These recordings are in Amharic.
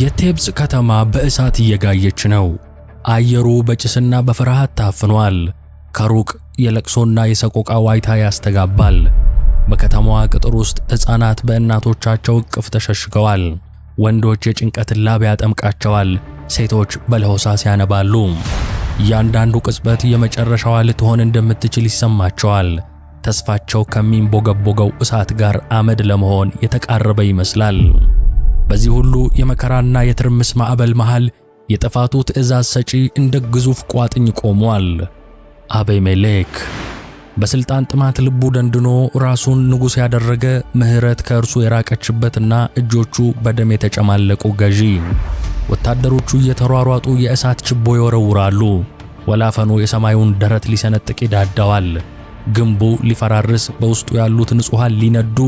የቴብጽ ከተማ በእሳት እየጋየች ነው። አየሩ በጭስና በፍርሃት ታፍኗል። ከሩቅ የለቅሶና የሰቆቃ ዋይታ ያስተጋባል። በከተማዋ ቅጥር ውስጥ ሕፃናት በእናቶቻቸው እቅፍ ተሸሽገዋል። ወንዶች የጭንቀትን ላብ ያጠምቃቸዋል፣ ሴቶች በለሆሳስ ያነባሉ። እያንዳንዱ ቅጽበት የመጨረሻዋ ልትሆን እንደምትችል ይሰማቸዋል። ተስፋቸው ከሚንቦገቦገው እሳት ጋር አመድ ለመሆን የተቃረበ ይመስላል። በዚህ ሁሉ የመከራና የትርምስ ማዕበል መሃል የጥፋቱ ትእዛዝ ሰጪ እንደ ግዙፍ ቋጥኝ ቆሟል። አቤሜሌክ በስልጣን ጥማት ልቡ ደንድኖ ራሱን ንጉሥ ያደረገ ምሕረት ከእርሱ የራቀችበትና እጆቹ በደም የተጨማለቁ ገዢ። ወታደሮቹ እየተሯሯጡ የእሳት ችቦ ይወረውራሉ። ወላፈኑ የሰማዩን ደረት ሊሰነጥቅ ይዳዳዋል። ግንቡ ሊፈራርስ፣ በውስጡ ያሉት ንጹሐን ሊነዱ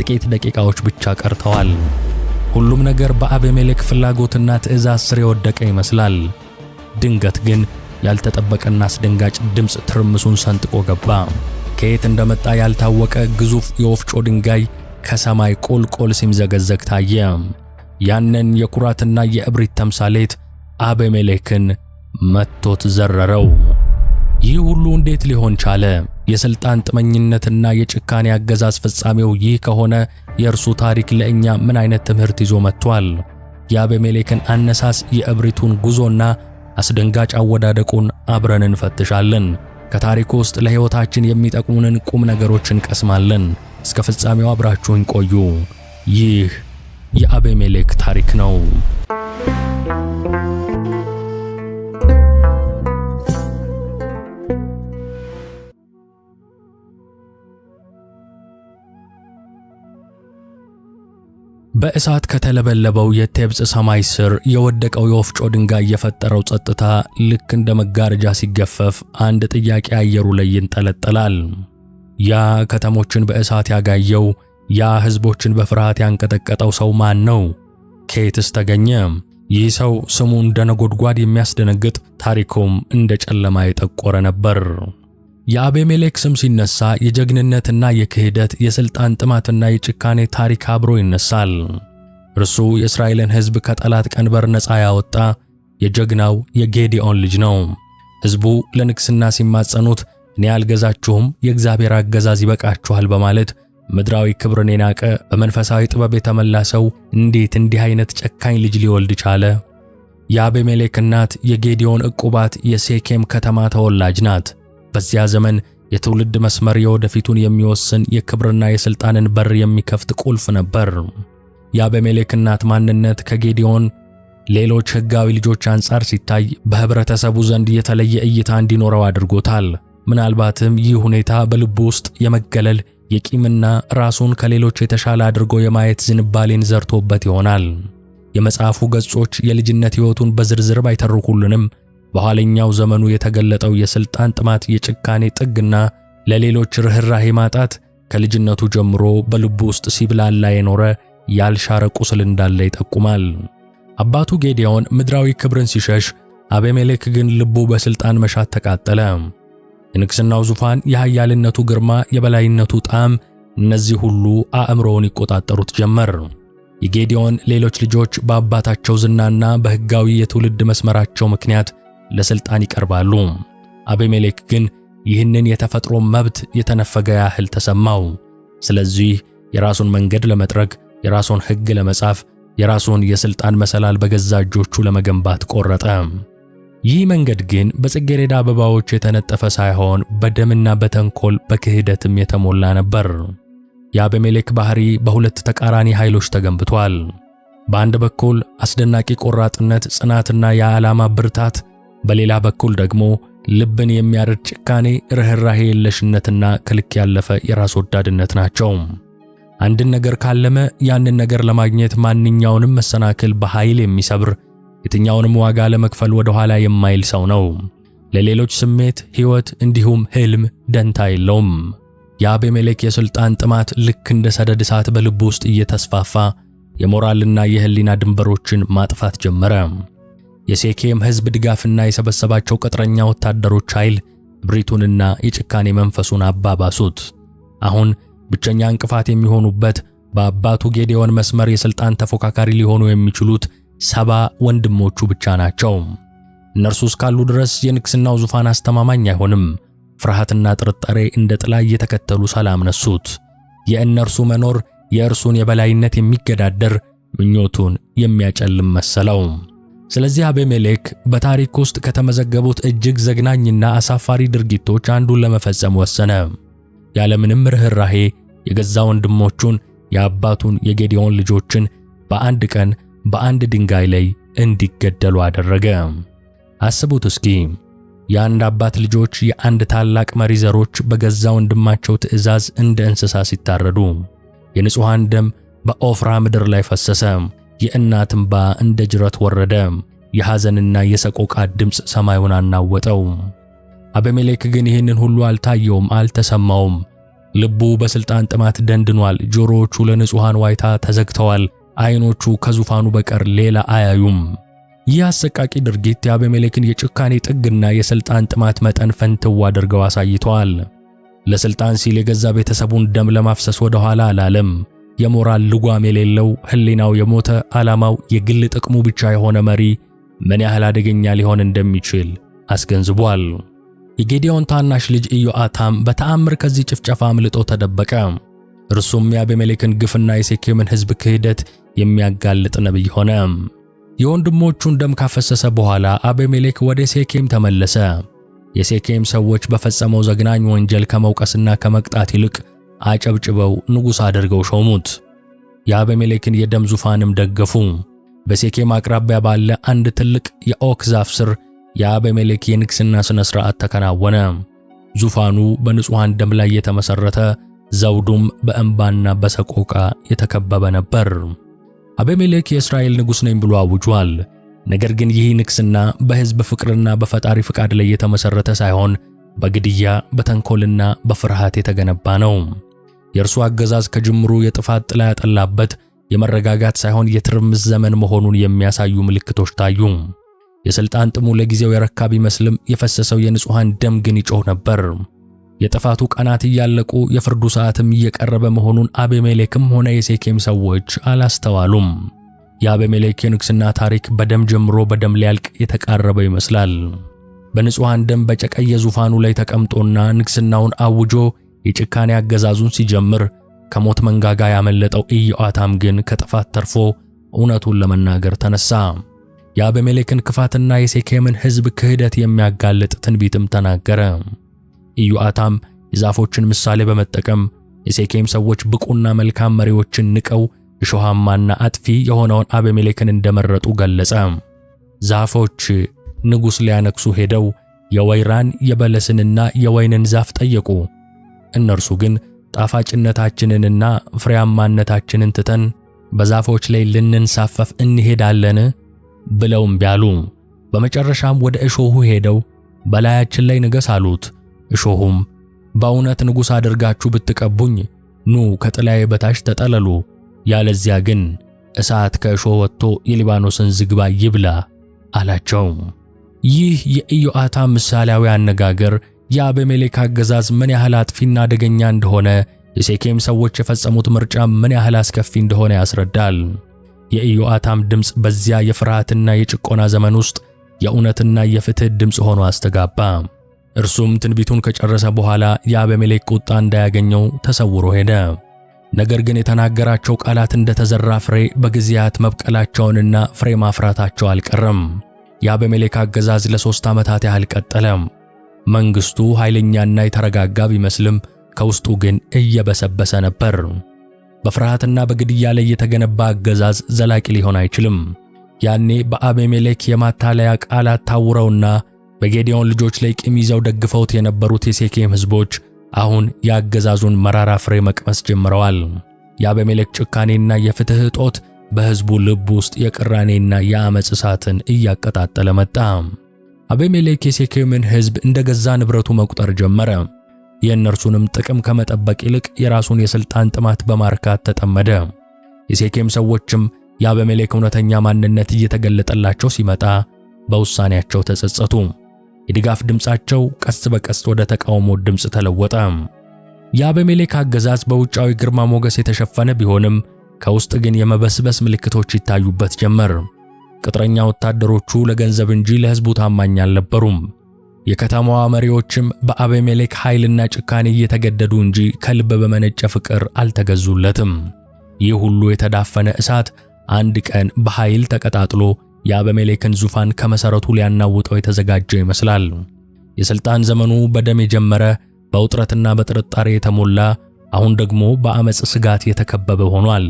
ጥቂት ደቂቃዎች ብቻ ቀርተዋል። ሁሉም ነገር በአቤሜሌክ ፍላጎትና ትእዛዝ ስር የወደቀ ይመስላል። ድንገት ግን ያልተጠበቀና አስደንጋጭ ድምፅ ትርምሱን ሰንጥቆ ገባ። ከየት እንደመጣ ያልታወቀ ግዙፍ የወፍጮ ድንጋይ ከሰማይ ቁልቁል ሲምዘገዘግ ታየ። ያንን የኩራትና የእብሪት ተምሳሌት አቤሜሌክን መጥቶት ዘረረው። ይህ ሁሉ እንዴት ሊሆን ቻለ? የሥልጣን ጥመኝነትና የጭካኔ አገዛዝ ፍጻሜው ይህ ከሆነ የእርሱ ታሪክ ለእኛ ምን ዓይነት ትምህርት ይዞ መጥቷል? የአቤሜሌክን አነሳስ፣ የእብሪቱን ጉዞና አስደንጋጭ አወዳደቁን አብረን እንፈትሻለን። ከታሪኩ ውስጥ ለሕይወታችን የሚጠቅሙንን ቁም ነገሮች እንቀስማለን። እስከ ፍጻሜው አብራችሁን ቆዩ። ይህ የአቤሜሌክ ታሪክ ነው። በእሳት ከተለበለበው የቴብጽ ሰማይ ስር የወደቀው የወፍጮ ድንጋይ የፈጠረው ጸጥታ ልክ እንደ መጋረጃ ሲገፈፍ አንድ ጥያቄ አየሩ ላይ ይንጠለጠላል። ያ ከተሞችን በእሳት ያጋየው፣ ያ ሕዝቦችን በፍርሃት ያንቀጠቀጠው ሰው ማን ነው? ከየትስ ተገኘ? ይህ ሰው ስሙ እንደ ነጎድጓድ የሚያስደነግጥ፣ ታሪኩም እንደ ጨለማ የጠቆረ ነበር። የአቤሜሌክ ስም ሲነሳ የጀግንነትና የክህደት የሥልጣን ጥማትና የጭካኔ ታሪክ አብሮ ይነሳል። እርሱ የእስራኤልን ሕዝብ ከጠላት ቀንበር ነፃ ያወጣ የጀግናው የጌዲኦን ልጅ ነው። ሕዝቡ ለንግሥና ሲማጸኑት እኔ አልገዛችሁም፣ የእግዚአብሔር አገዛዝ ይበቃችኋል በማለት ምድራዊ ክብርን የናቀ በመንፈሳዊ ጥበብ የተመላ ሰው እንዴት እንዲህ አይነት ጨካኝ ልጅ ሊወልድ ቻለ? የአቤሜሌክ እናት የጌዲዮን ዕቁባት የሴኬም ከተማ ተወላጅ ናት። በዚያ ዘመን የትውልድ መስመር የወደፊቱን የሚወስን የክብርና የሥልጣንን በር የሚከፍት ቁልፍ ነበር። የአቤሜሌክ እናት ማንነት ከጌዲዮን ሌሎች ሕጋዊ ልጆች አንጻር ሲታይ በኅብረተሰቡ ዘንድ የተለየ እይታ እንዲኖረው አድርጎታል። ምናልባትም ይህ ሁኔታ በልቡ ውስጥ የመገለል የቂምና ራሱን ከሌሎች የተሻለ አድርጎ የማየት ዝንባሌን ዘርቶበት ይሆናል። የመጽሐፉ ገጾች የልጅነት ሕይወቱን በዝርዝር ባይተርኩልንም በኋለኛው ዘመኑ የተገለጠው የሥልጣን ጥማት፣ የጭካኔ ጥግና ለሌሎች ርኅራኄ ማጣት ከልጅነቱ ጀምሮ በልቡ ውስጥ ሲብላላ የኖረ ያልሻረ ቁስል እንዳለ ይጠቁማል። አባቱ ጌዴዎን ምድራዊ ክብርን ሲሸሽ፣ አቤሜሌክ ግን ልቡ በሥልጣን መሻት ተቃጠለ። የንግሥናው ዙፋን፣ የኃያልነቱ ግርማ፣ የበላይነቱ ጣዕም፣ እነዚህ ሁሉ አእምሮውን ይቆጣጠሩት ጀመር። የጌዴዎን ሌሎች ልጆች በአባታቸው ዝናና በሕጋዊ የትውልድ መስመራቸው ምክንያት ለስልጣን ይቀርባሉ። አቤሜሌክ ግን ይህንን የተፈጥሮ መብት የተነፈገ ያህል ተሰማው። ስለዚህ የራሱን መንገድ ለመጥረግ፣ የራሱን ሕግ ለመጻፍ፣ የራሱን የስልጣን መሰላል በገዛ እጆቹ ለመገንባት ቆረጠ። ይህ መንገድ ግን በጽጌረዳ አበባዎች የተነጠፈ ሳይሆን በደምና በተንኮል በክህደትም የተሞላ ነበር። የአቤሜሌክ ባህሪ በሁለት ተቃራኒ ኃይሎች ተገንብቷል። በአንድ በኩል አስደናቂ ቆራጥነት፣ ጽናትና የዓላማ ብርታት በሌላ በኩል ደግሞ ልብን የሚያርድ ጭካኔ፣ ርኅራሄ የለሽነትና ከልክ ያለፈ የራስ ወዳድነት ናቸው። አንድን ነገር ካለመ ያንን ነገር ለማግኘት ማንኛውንም መሰናክል በኃይል የሚሰብር የትኛውንም ዋጋ ለመክፈል ወደ ኋላ የማይል ሰው ነው። ለሌሎች ስሜት፣ ሕይወት እንዲሁም ሕልም ደንታ የለውም። የአቤሜሌክ የሥልጣን ጥማት ልክ እንደ ሰደድ እሳት በልቡ ውስጥ እየተስፋፋ የሞራልና የሕሊና ድንበሮችን ማጥፋት ጀመረ። የሴኬም ሕዝብ ድጋፍና የሰበሰባቸው ቅጥረኛ ወታደሮች ኃይል እብሪቱንና የጭካኔ መንፈሱን አባባሱት። አሁን ብቸኛ እንቅፋት የሚሆኑበት በአባቱ ጌዴዎን መስመር የሥልጣን ተፎካካሪ ሊሆኑ የሚችሉት ሰባ ወንድሞቹ ብቻ ናቸው። እነርሱ እስካሉ ድረስ የንግሥናው ዙፋን አስተማማኝ አይሆንም። ፍርሃትና ጥርጣሬ እንደ ጥላ እየተከተሉ ሰላም ነሱት። የእነርሱ መኖር የእርሱን የበላይነት የሚገዳደር ምኞቱን የሚያጨልም መሰለው። ስለዚህ አቤሜሌክ በታሪክ ውስጥ ከተመዘገቡት እጅግ ዘግናኝና አሳፋሪ ድርጊቶች አንዱን ለመፈጸም ወሰነ። ያለምንም ርኅራሄ የገዛ ወንድሞቹን የአባቱን የጌዲዮን ልጆችን በአንድ ቀን በአንድ ድንጋይ ላይ እንዲገደሉ አደረገ። አስቡት እስኪ የአንድ አባት ልጆች፣ የአንድ ታላቅ መሪ ዘሮች በገዛ ወንድማቸው ትዕዛዝ እንደ እንስሳ ሲታረዱ፣ የንጹሐን ደም በኦፍራ ምድር ላይ ፈሰሰ። የእናት እንባ እንደ ጅረት ወረደ። የሐዘንና የሰቆቃ ድምፅ ሰማዩን አናወጠው። አቤሜሌክ ግን ይህንን ሁሉ አልታየውም፣ አልተሰማውም። ልቡ በሥልጣን ጥማት ደንድኗል። ጆሮዎቹ ለንጹሐን ዋይታ ተዘግተዋል። አይኖቹ ከዙፋኑ በቀር ሌላ አያዩም። ይህ አሰቃቂ ድርጊት የአቤሜሌክን የጭካኔ ጥግና የሥልጣን ጥማት መጠን ፈንትው አድርገው አሳይተዋል። ለሥልጣን ሲል የገዛ ቤተሰቡን ደም ለማፍሰስ ወደ ኋላ አላለም። የሞራል ልጓም የሌለው ህሊናው የሞተ ዓላማው የግል ጥቅሙ ብቻ የሆነ መሪ ምን ያህል አደገኛ ሊሆን እንደሚችል አስገንዝቧል። የጌዴዎን ታናሽ ልጅ ኢዮአታም በተአምር ከዚህ ጭፍጨፋ አምልጦ ተደበቀ። እርሱም የአቤሜሌክን ግፍና የሴኬምን ሕዝብ ክህደት የሚያጋልጥ ነብይ ሆነ። የወንድሞቹን ደም ካፈሰሰ በኋላ አቤሜሌክ ወደ ሴኬም ተመለሰ። የሴኬም ሰዎች በፈጸመው ዘግናኝ ወንጀል ከመውቀስና ከመቅጣት ይልቅ አጨብጭበው ንጉሥ አድርገው ሾሙት። የአቤሜሌክን የደም ዙፋንም ደገፉ። በሴኬም አቅራቢያ ባለ አንድ ትልቅ የኦክ ዛፍ ስር የአቤሜሌክ የንግሥና ሥነ ሥርዓት ተከናወነ። ዙፋኑ በንጹሐን ደም ላይ የተመሠረተ ዘውዱም በእንባና በሰቆቃ የተከበበ ነበር። አቤሜሌክ የእስራኤል ንጉሥ ነኝ ብሎ አውጇል። ነገር ግን ይህ ንግሥና በሕዝብ ፍቅርና በፈጣሪ ፍቃድ ላይ የተመሠረተ ሳይሆን በግድያ በተንኮልና በፍርሃት የተገነባ ነው። የእርሱ አገዛዝ ከጅምሩ የጥፋት ጥላ ያጠላበት የመረጋጋት ሳይሆን የትርምስ ዘመን መሆኑን የሚያሳዩ ምልክቶች ታዩ። የሥልጣን ጥሙ ለጊዜው የረካ ቢመስልም የፈሰሰው የንጹሐን ደም ግን ይጮህ ነበር። የጥፋቱ ቀናት እያለቁ የፍርዱ ሰዓትም እየቀረበ መሆኑን አቤሜሌክም ሆነ የሴኬም ሰዎች አላስተዋሉም። የአቤሜሌክ የንግሥና ታሪክ በደም ጀምሮ በደም ሊያልቅ የተቃረበ ይመስላል። በንጹሐን ደም በጨቀየ ዙፋኑ ላይ ተቀምጦና ንግሥናውን አውጆ የጭካኔ አገዛዙን ሲጀምር ከሞት መንጋጋ ያመለጠው ኢዮአታም ግን ከጥፋት ተርፎ እውነቱን ለመናገር ተነሳ። የአቤሜሌክን ክፋትና የሴኬምን ሕዝብ ክህደት የሚያጋልጥ ትንቢትም ተናገረ። ኢዮአታም የዛፎችን ምሳሌ በመጠቀም የሴኬም ሰዎች ብቁና መልካም መሪዎችን ንቀው እሾሃማና አጥፊ የሆነውን አቤሜሌክን እንደመረጡ ገለጸ። ዛፎች ንጉሥ ሊያነግሡ ሄደው የወይራን የበለስንና የወይንን ዛፍ ጠየቁ። እነርሱ ግን ጣፋጭነታችንንና ፍሬያማነታችንን ትተን በዛፎች ላይ ልንንሳፈፍ እንሄዳለን ብለውም ቢያሉ፣ በመጨረሻም ወደ እሾሁ ሄደው በላያችን ላይ ንገስ አሉት። እሾሁም በእውነት ንጉሥ አድርጋችሁ ብትቀቡኝ ኑ ከጥላዬ በታች ተጠለሉ፣ ያለዚያ ግን እሳት ከእሾህ ወጥቶ የሊባኖስን ዝግባ ይብላ አላቸው። ይህ የኢዮአታ ምሳሌያዊ አነጋገር የአቤሜሌክ አገዛዝ ምን ያህል አጥፊና አደገኛ እንደሆነ የሴኬም ሰዎች የፈጸሙት ምርጫ ምን ያህል አስከፊ እንደሆነ ያስረዳል። የኢዮአታም ድምፅ በዚያ የፍርሃትና የጭቆና ዘመን ውስጥ የእውነትና የፍትህ ድምፅ ሆኖ አስተጋባ። እርሱም ትንቢቱን ከጨረሰ በኋላ የአቤሜሌክ ቁጣ እንዳያገኘው ተሰውሮ ሄደ። ነገር ግን የተናገራቸው ቃላት እንደተዘራ ፍሬ በጊዜያት መብቀላቸውንና ፍሬ ማፍራታቸው አልቀረም። የአቤሜሌክ አገዛዝ ለሦስት ዓመታት ያህል ቀጠለ። መንግስቱ ኃይለኛና የተረጋጋ ቢመስልም ከውስጡ ግን እየበሰበሰ ነበር። በፍርሃትና በግድያ ላይ የተገነባ አገዛዝ ዘላቂ ሊሆን አይችልም። ያኔ በአቤሜሌክ የማታለያ ቃላት ታውረውና በጌዲዮን ልጆች ላይ ቂም ይዘው ደግፈውት የነበሩት የሴኬም ሕዝቦች አሁን የአገዛዙን መራራ ፍሬ መቅመስ ጀምረዋል። የአቤሜሌክ ጭካኔና የፍትህ እጦት በሕዝቡ ልብ ውስጥ የቅራኔና የአመፅ እሳትን እያቀጣጠለ መጣ። አቤሜሌክ የሴኬምን ሕዝብ እንደገዛ ንብረቱ መቁጠር ጀመረ። የእነርሱንም ጥቅም ከመጠበቅ ይልቅ የራሱን የሥልጣን ጥማት በማርካት ተጠመደ። የሴኬም ሰዎችም የአቤሜሌክ እውነተኛ ማንነት እየተገለጠላቸው ሲመጣ በውሳኔያቸው ተጸጸቱ። የድጋፍ ድምፃቸው ቀስ በቀስ ወደ ተቃውሞ ድምፅ ተለወጠ። የአቤሜሌክ አገዛዝ በውጫዊ ግርማ ሞገስ የተሸፈነ ቢሆንም ከውስጥ ግን የመበስበስ ምልክቶች ይታዩበት ጀመር። ቅጥረኛ ወታደሮቹ ለገንዘብ እንጂ ለሕዝቡ ታማኝ አልነበሩም። የከተማዋ መሪዎችም በአቤሜሌክ ኃይልና ጭካኔ እየተገደዱ እንጂ ከልብ በመነጨ ፍቅር አልተገዙለትም። ይህ ሁሉ የተዳፈነ እሳት አንድ ቀን በኃይል ተቀጣጥሎ የአቤሜሌክን ዙፋን ከመሠረቱ ሊያናውጠው የተዘጋጀ ይመስላል። የሥልጣን ዘመኑ በደም የጀመረ በውጥረትና በጥርጣሬ የተሞላ አሁን ደግሞ በአመፅ ስጋት የተከበበ ሆኗል።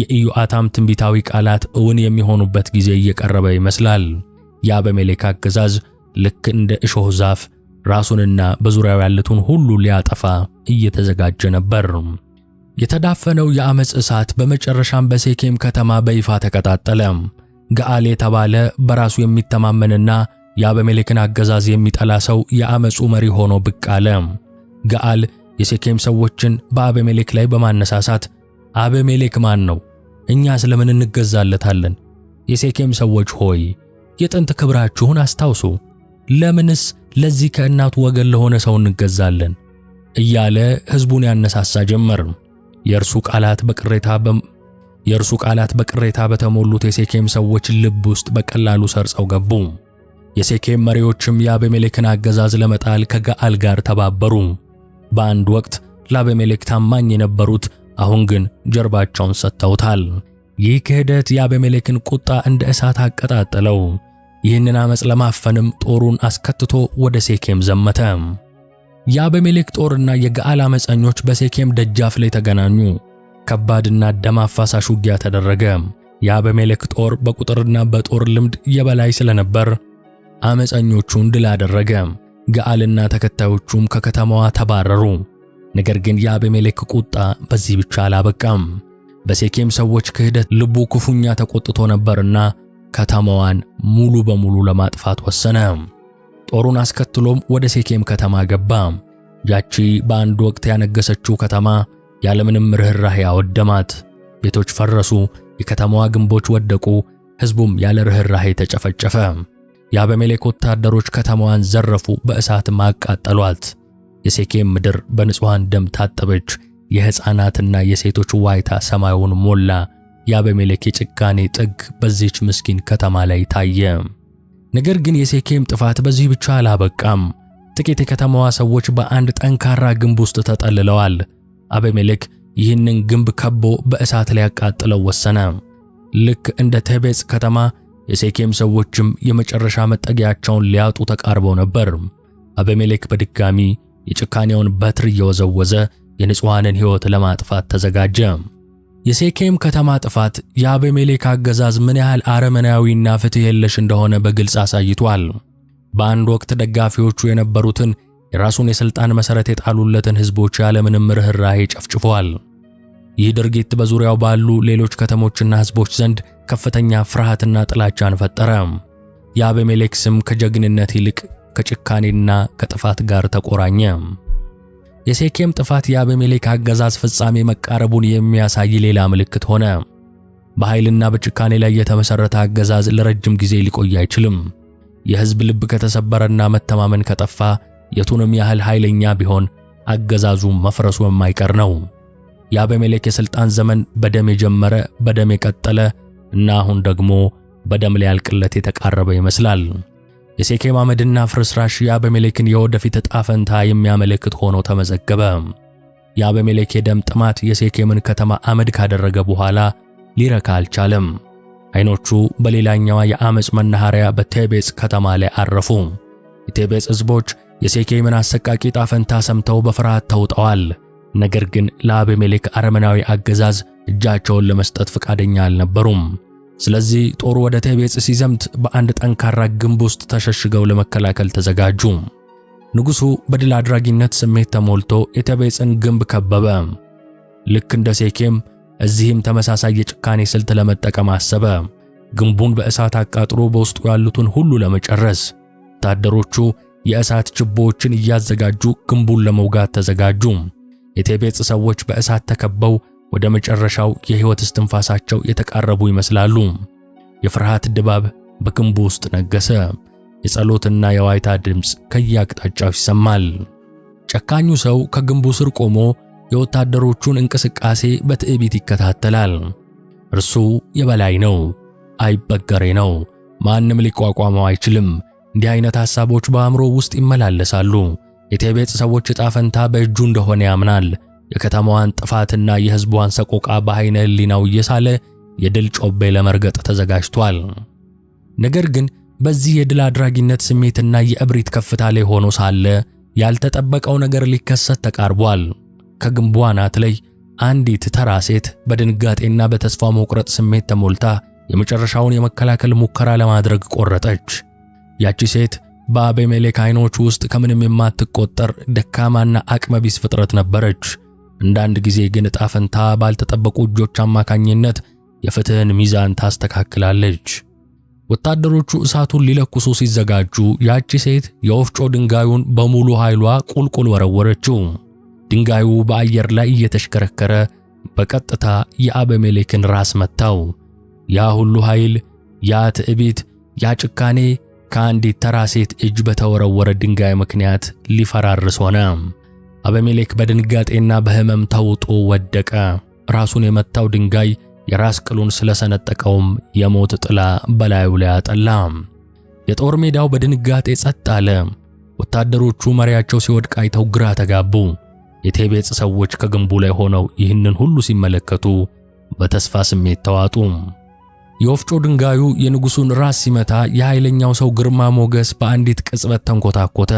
የኢዮአታም ትንቢታዊ ቃላት እውን የሚሆኑበት ጊዜ እየቀረበ ይመስላል። የአበሜሌክ አገዛዝ ልክ እንደ እሾህ ዛፍ ራሱንና በዙሪያው ያሉትን ሁሉ ሊያጠፋ እየተዘጋጀ ነበር። የተዳፈነው የአመፅ እሳት በመጨረሻም በሴኬም ከተማ በይፋ ተቀጣጠለ። ገዓል የተባለ በራሱ የሚተማመንና የአበሜሌክን አገዛዝ የሚጠላ ሰው የአመፁ መሪ ሆኖ ብቅ አለ። የሴኬም ሰዎችን በአበሜሌክ ላይ በማነሳሳት አበሜሌክ ማን ነው? እኛ ስለምን እንገዛለታለን? የሴኬም ሰዎች ሆይ የጥንት ክብራችሁን አስታውሱ። ለምንስ ለዚህ ከእናቱ ወገን ለሆነ ሰው እንገዛለን? እያለ ሕዝቡን ያነሳሳ ጀመር። የእርሱ ቃላት በቅሬታ የእርሱ ቃላት በቅሬታ በተሞሉት የሴኬም ሰዎች ልብ ውስጥ በቀላሉ ሰርጸው ገቡ። የሴኬም መሪዎችም የአቤሜሌክን አገዛዝ ለመጣል ከገዓል ጋር ተባበሩ። በአንድ ወቅት ለአቤሜሌክ ታማኝ የነበሩት አሁን ግን ጀርባቸውን ሰጥተውታል። ይህ ክህደት የአቤሜሌክን ቁጣ እንደ እሳት አቀጣጠለው። ይህንን ዓመፅ ለማፈንም ጦሩን አስከትቶ ወደ ሴኬም ዘመተ። የአቤሜሌክ ጦርና የገዓል ዓመፀኞች በሴኬም ደጃፍ ላይ ተገናኙ። ከባድና ደም አፋሳሽ ውጊያ ተደረገ። የአቤሜሌክ ጦር በቁጥርና በጦር ልምድ የበላይ ስለነበር ዓመፀኞቹን ድል አደረገ። ገዓልና ተከታዮቹም ከከተማዋ ተባረሩ። ነገር ግን የአቤሜሌክ ቁጣ በዚህ ብቻ አላበቃም። በሴኬም ሰዎች ክህደት ልቡ ክፉኛ ተቆጥቶ ነበርና ከተማዋን ሙሉ በሙሉ ለማጥፋት ወሰነ። ጦሩን አስከትሎም ወደ ሴኬም ከተማ ገባ። ያቺ በአንድ ወቅት ያነገሰችው ከተማ ያለምንም ርኅራኄ አወደማት። ቤቶች ፈረሱ፣ የከተማዋ ግንቦች ወደቁ፣ ሕዝቡም ያለ ርኅራኄ ተጨፈጨፈ። የአቤሜሌክ ወታደሮች ከተማዋን ዘረፉ፣ በእሳትም አቃጠሏት። የሴኬም ምድር በንጹሐን ደም ታጠበች። የሕፃናትና የሴቶች ዋይታ ሰማዩን ሞላ። የአቤሜሌክ የጭካኔ ጥግ በዚች ምስኪን ከተማ ላይ ታየ። ነገር ግን የሴኬም ጥፋት በዚህ ብቻ አላበቃም። ጥቂት የከተማዋ ሰዎች በአንድ ጠንካራ ግንብ ውስጥ ተጠልለዋል። አቤሜሌክ ይህንን ግንብ ከቦ በእሳት ሊያቃጥለው ወሰነ። ልክ እንደ ቴቤጽ ከተማ የሴኬም ሰዎችም የመጨረሻ መጠጊያቸውን ሊያጡ ተቃርበው ነበር። አቤሜሌክ በድጋሚ የጭካኔውን በትር እየወዘወዘ የንጹሐንን ሕይወት ለማጥፋት ተዘጋጀ። የሴኬም ከተማ ጥፋት የአቤሜሌክ አገዛዝ ምን ያህል አረመናዊና ፍትሕ የለሽ እንደሆነ በግልጽ አሳይቷል። በአንድ ወቅት ደጋፊዎቹ የነበሩትን የራሱን የሥልጣን መሠረት የጣሉለትን ሕዝቦች ያለምንም ርኅራሄ ጨፍጭፏል። ይህ ድርጊት በዙሪያው ባሉ ሌሎች ከተሞችና ሕዝቦች ዘንድ ከፍተኛ ፍርሃትና ጥላቻን ፈጠረ። የአቤሜሌክ ስም ከጀግንነት ይልቅ ከጭካኔና ከጥፋት ጋር ተቆራኘ። የሴኬም ጥፋት የአቤሜሌክ አገዛዝ ፍጻሜ መቃረቡን የሚያሳይ ሌላ ምልክት ሆነ። በኃይልና በጭካኔ ላይ የተመሠረተ አገዛዝ ለረጅም ጊዜ ሊቆይ አይችልም። የሕዝብ ልብ ከተሰበረና መተማመን ከጠፋ የቱንም ያህል ኃይለኛ ቢሆን አገዛዙ መፍረሱ የማይቀር ነው። የአቤሜሌክ የሥልጣን ዘመን በደም የጀመረ በደም የቀጠለ እና አሁን ደግሞ በደም ሊያልቅለት የተቃረበ ይመስላል። የሴኬም አመድና ፍርስራሽ የአበሜሌክን የወደፊት ዕጣ ፈንታ የሚያመለክት ሆኖ ተመዘገበ። የአቤሜሌክ የደም ጥማት የሴኬምን ከተማ አመድ ካደረገ በኋላ ሊረካ አልቻለም። አይኖቹ በሌላኛዋ የአመፅ መናኸሪያ በቴቤጽ ከተማ ላይ አረፉ። የቴቤጽ ሕዝቦች የሴኬምን አሰቃቂ ዕጣ ፈንታ ሰምተው በፍርሃት ተውጠዋል። ነገር ግን ለአበሜሌክ አረመናዊ አገዛዝ እጃቸውን ለመስጠት ፈቃደኛ አልነበሩም። ስለዚህ ጦሩ ወደ ቴቤጽ ሲዘምት በአንድ ጠንካራ ግንብ ውስጥ ተሸሽገው ለመከላከል ተዘጋጁ። ንጉሡ በድል አድራጊነት ስሜት ተሞልቶ የቴቤጽን ግንብ ከበበ። ልክ እንደ ሴኬም እዚህም ተመሳሳይ የጭካኔ ስልት ለመጠቀም አሰበ። ግንቡን በእሳት አቃጥሮ በውስጡ ያሉትን ሁሉ ለመጨረስ ወታደሮቹ የእሳት ችቦዎችን እያዘጋጁ ግንቡን ለመውጋት ተዘጋጁ። የቴቤጽ ሰዎች በእሳት ተከበው ወደ መጨረሻው የሕይወት እስትንፋሳቸው የተቃረቡ ይመስላሉ። የፍርሃት ድባብ በክንቡ ውስጥ ነገሰ። የጸሎትና የዋይታ ድምፅ ከየአቅጣጫው ይሰማል። ጨካኙ ሰው ከግንቡ ስር ቆሞ የወታደሮቹን እንቅስቃሴ በትዕቢት ይከታተላል። እርሱ የበላይ ነው፣ አይበገሬ ነው፣ ማንም ሊቋቋመው አይችልም። እንዲህ አይነት ሐሳቦች በአእምሮ ውስጥ ይመላለሳሉ። የቴቤጽ ሰዎች ዕጣ ፈንታ በእጁ እንደሆነ ያምናል። የከተማዋን ጥፋትና የሕዝቧን ሰቆቃ በዓይነ ሕሊናው እየሳለ የድል ጮቤ ለመርገጥ ተዘጋጅቷል። ነገር ግን በዚህ የድል አድራጊነት ስሜትና የእብሪት ከፍታ ላይ ሆኖ ሳለ ያልተጠበቀው ነገር ሊከሰት ተቃርቧል። ከግንቧ አናት ላይ አንዲት ተራ ሴት በድንጋጤና በተስፋ መቁረጥ ስሜት ተሞልታ የመጨረሻውን የመከላከል ሙከራ ለማድረግ ቆረጠች። ያቺ ሴት በአቤሜሌክ ዓይኖች ውስጥ ከምንም የማትቆጠር ደካማና አቅመቢስ ፍጥረት ነበረች። አንዳንድ ጊዜ ግን ዕጣ ፈንታ ባልተጠበቁ እጆች አማካኝነት የፍትህን ሚዛን ታስተካክላለች። ወታደሮቹ እሳቱን ሊለኩሱ ሲዘጋጁ ያቺ ሴት የወፍጮ ድንጋዩን በሙሉ ኃይሏ ቁልቁል ወረወረችው። ድንጋዩ በአየር ላይ እየተሽከረከረ በቀጥታ የአበሜሌክን ራስ መታው። ያ ሁሉ ኃይል፣ ያ ትዕቢት፣ ያ ጭካኔ ከአንዲት ተራ ሴት እጅ በተወረወረ ድንጋይ ምክንያት ሊፈራርስ ሆነ። አቤሜሌክ በድንጋጤና በሕመም ተውጦ ወደቀ። ራሱን የመታው ድንጋይ የራስ ቅሉን ስለሰነጠቀውም የሞት ጥላ በላዩ ላይ አጠላ። የጦር ሜዳው በድንጋጤ ጸጥ አለ። ወታደሮቹ መሪያቸው ሲወድቅ አይተው ግራ ተጋቡ። የቴቤጽ ሰዎች ከግንቡ ላይ ሆነው ይህንን ሁሉ ሲመለከቱ በተስፋ ስሜት ተዋጡ። የወፍጮ ድንጋዩ የንጉሡን ራስ ሲመታ የኃይለኛው ሰው ግርማ ሞገስ በአንዲት ቅጽበት ተንኮታኮተ።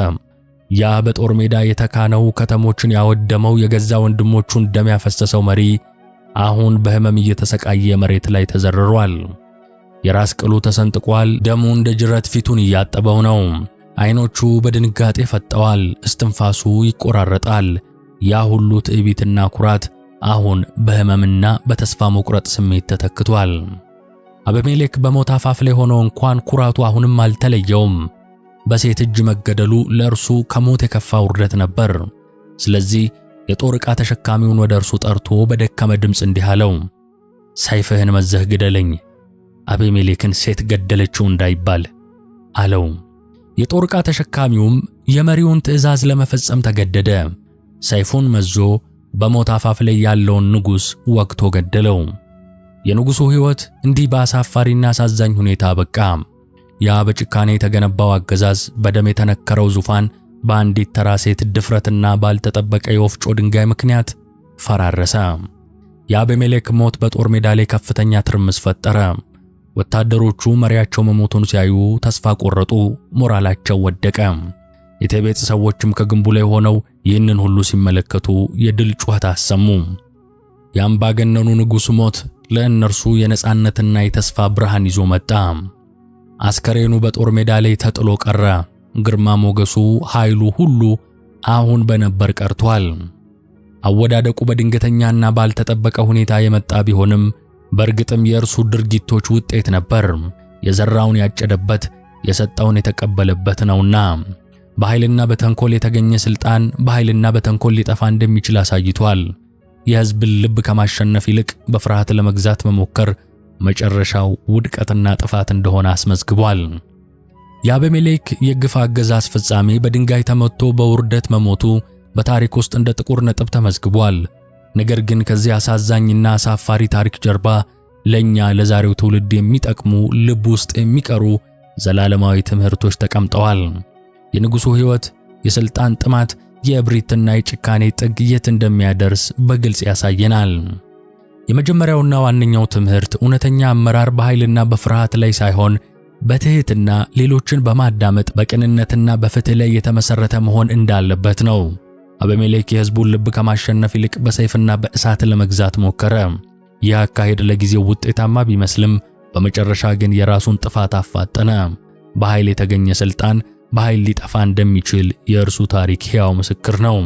ያ በጦር ሜዳ የተካነው ከተሞችን ያወደመው የገዛ ወንድሞቹን ደም ያፈሰሰው መሪ አሁን በህመም እየተሰቃየ መሬት ላይ ተዘርሯል። የራስ ቅሉ ተሰንጥቋል። ደሙ እንደ ጅረት ፊቱን እያጠበው ነው። አይኖቹ በድንጋጤ ፈጠዋል። እስትንፋሱ ይቆራረጣል። ያ ሁሉ ትዕቢትና ኩራት አሁን በህመምና በተስፋ መቁረጥ ስሜት ተተክቷል። አቤሜሌክ በሞት አፋፍ ላይ ሆኖ እንኳን ኩራቱ አሁንም አልተለየውም። በሴት እጅ መገደሉ ለእርሱ ከሞት የከፋ ውርደት ነበር። ስለዚህ የጦር ዕቃ ተሸካሚውን ወደ እርሱ ጠርቶ በደከመ ድምፅ እንዲህ አለው፣ ሰይፍህን መዘህ ግደለኝ፣ አቤሜሌክን ሴት ገደለችው እንዳይባል አለው። የጦር ዕቃ ተሸካሚውም የመሪውን ትእዛዝ ለመፈጸም ተገደደ። ሰይፉን መዞ በሞት አፋፍ ላይ ያለውን ንጉሥ ወግቶ ገደለው። የንጉሡ ሕይወት እንዲህ በአሳፋሪና አሳዛኝ ሁኔታ በቃ። ያ በጭካኔ የተገነባው አገዛዝ፣ በደም የተነከረው ዙፋን በአንዲት ተራ ሴት ድፍረትና ባልተጠበቀ የወፍጮ ድንጋይ ምክንያት ፈራረሰ። የአቤሜሌክ ሞት በጦር ሜዳ ላይ ከፍተኛ ትርምስ ፈጠረ። ወታደሮቹ መሪያቸው መሞቱን ሲያዩ ተስፋ ቆረጡ፣ ሞራላቸው ወደቀ። የቴቤጽ ሰዎችም ከግንቡ ላይ ሆነው ይህንን ሁሉ ሲመለከቱ የድል ጩኸት አሰሙ። የአምባገነኑ ንጉሥ ሞት ለእነርሱ የነፃነትና የተስፋ ብርሃን ይዞ መጣ። አስከሬኑ በጦር ሜዳ ላይ ተጥሎ ቀረ። ግርማ ሞገሱ፣ ኃይሉ ሁሉ አሁን በነበር ቀርቷል። አወዳደቁ በድንገተኛና ባልተጠበቀ ሁኔታ የመጣ ቢሆንም በእርግጥም የእርሱ ድርጊቶች ውጤት ነበር። የዘራውን ያጨደበት የሰጠውን የተቀበለበት ነውና በኃይልና በተንኮል የተገኘ ሥልጣን በኃይልና በተንኮል ሊጠፋ እንደሚችል አሳይቷል። የሕዝብን ልብ ከማሸነፍ ይልቅ በፍርሃት ለመግዛት መሞከር መጨረሻው ውድቀትና ጥፋት እንደሆነ አስመዝግቧል። የአቤሜሌክ የግፍ አገዛዝ ፍጻሜ በድንጋይ ተመቶ በውርደት መሞቱ በታሪክ ውስጥ እንደ ጥቁር ነጥብ ተመዝግቧል። ነገር ግን ከዚህ አሳዛኝና አሳፋሪ ታሪክ ጀርባ ለኛ ለዛሬው ትውልድ የሚጠቅሙ ልብ ውስጥ የሚቀሩ ዘላለማዊ ትምህርቶች ተቀምጠዋል። የንጉሱ ሕይወት፣ የስልጣን ጥማት፣ የእብሪትና የጭካኔ ጥግ የት እንደሚያደርስ በግልጽ ያሳየናል። የመጀመሪያውና ዋነኛው ትምህርት እውነተኛ አመራር በኃይልና በፍርሃት ላይ ሳይሆን በትህትና ሌሎችን በማዳመጥ በቅንነትና በፍትህ ላይ የተመሰረተ መሆን እንዳለበት ነው። አቤሜሌክ የሕዝቡን ልብ ከማሸነፍ ይልቅ በሰይፍና በእሳት ለመግዛት ሞከረ። ይህ አካሄድ ለጊዜው ውጤታማ ቢመስልም በመጨረሻ ግን የራሱን ጥፋት አፋጠነ። በኃይል የተገኘ ስልጣን በኃይል ሊጠፋ እንደሚችል የእርሱ ታሪክ ሕያው ምስክር ነው።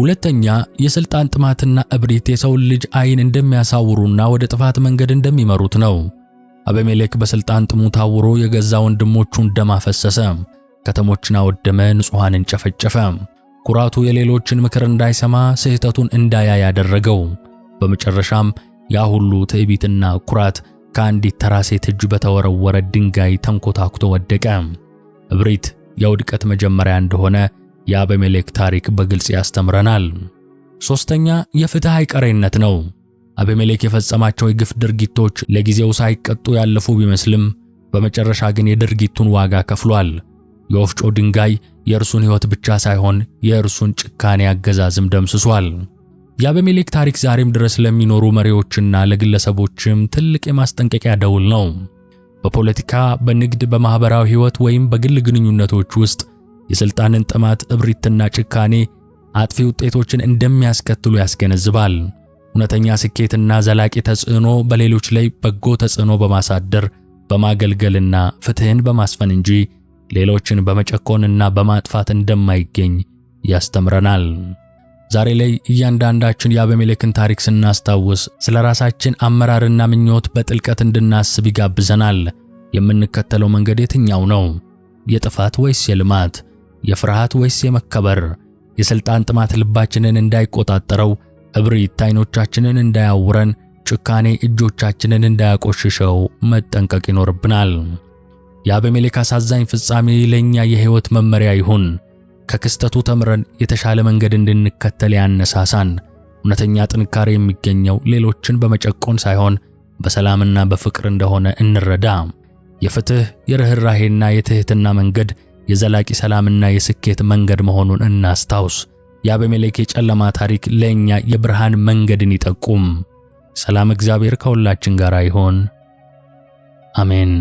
ሁለተኛ የስልጣን ጥማትና እብሪት የሰውን ልጅ ዓይን እንደሚያሳውሩና ወደ ጥፋት መንገድ እንደሚመሩት ነው። አቤሜሌክ በስልጣን ጥሙ ታውሮ የገዛ ወንድሞቹን ደም አፈሰሰ፣ ከተሞችን አወደመ፣ ንጹሐንን ጨፈጨፈ። ኩራቱ የሌሎችን ምክር እንዳይሰማ ስህተቱን እንዳያይ ያደረገው። በመጨረሻም ያ ሁሉ ትዕቢትና ኩራት ከአንዲት ተራ ሴት እጅ በተወረወረ ድንጋይ ተንኮታኩቶ ወደቀ። እብሪት የውድቀት መጀመሪያ እንደሆነ የአቤሜሌክ ታሪክ በግልጽ ያስተምረናል። ሶስተኛ የፍትህ አይቀሬነት ነው። አቤሜሌክ የፈጸማቸው የግፍ ድርጊቶች ለጊዜው ሳይቀጡ ያለፉ ቢመስልም በመጨረሻ ግን የድርጊቱን ዋጋ ከፍሏል። የወፍጮ ድንጋይ የእርሱን ሕይወት ብቻ ሳይሆን የእርሱን ጭካኔ አገዛዝም ደምስሷል። የአቤሜሌክ ታሪክ ዛሬም ድረስ ለሚኖሩ መሪዎችና ለግለሰቦችም ትልቅ የማስጠንቀቂያ ደውል ነው። በፖለቲካ፣ በንግድ፣ በማህበራዊ ሕይወት ወይም በግል ግንኙነቶች ውስጥ የሥልጣንን ጥማት፣ እብሪትና ጭካኔ አጥፊ ውጤቶችን እንደሚያስከትሉ ያስገነዝባል። እውነተኛ ስኬትና ዘላቂ ተጽዕኖ በሌሎች ላይ በጎ ተጽዕኖ በማሳደር በማገልገልና ፍትሕን በማስፈን እንጂ ሌሎችን በመጨኮንና በማጥፋት እንደማይገኝ ያስተምረናል። ዛሬ ላይ እያንዳንዳችን የአቤሜሌክን ታሪክ ስናስታውስ ስለ ራሳችን አመራርና ምኞት በጥልቀት እንድናስብ ይጋብዘናል። የምንከተለው መንገድ የትኛው ነው? የጥፋት ወይስ የልማት? የፍርሃት ወይስ የመከበር? የሥልጣን ጥማት ልባችንን እንዳይቆጣጠረው፣ እብሪት ዓይኖቻችንን እንዳያውረን፣ ጭካኔ እጆቻችንን እንዳያቆሽሸው መጠንቀቅ ይኖርብናል። የአቤሜሌክ አሳዛኝ ፍጻሜ ለእኛ የሕይወት መመሪያ ይሁን። ከክስተቱ ተምረን የተሻለ መንገድ እንድንከተል ያነሳሳን። እውነተኛ ጥንካሬ የሚገኘው ሌሎችን በመጨቆን ሳይሆን በሰላምና በፍቅር እንደሆነ እንረዳ። የፍትህ የርኅራሄና የትሕትና መንገድ የዘላቂ ሰላምና የስኬት መንገድ መሆኑን እናስታውስ። የአቤሜሌክ የጨለማ ታሪክ ለእኛ የብርሃን መንገድን ይጠቁም። ሰላም፣ እግዚአብሔር ከሁላችን ጋር ይሆን። አሜን።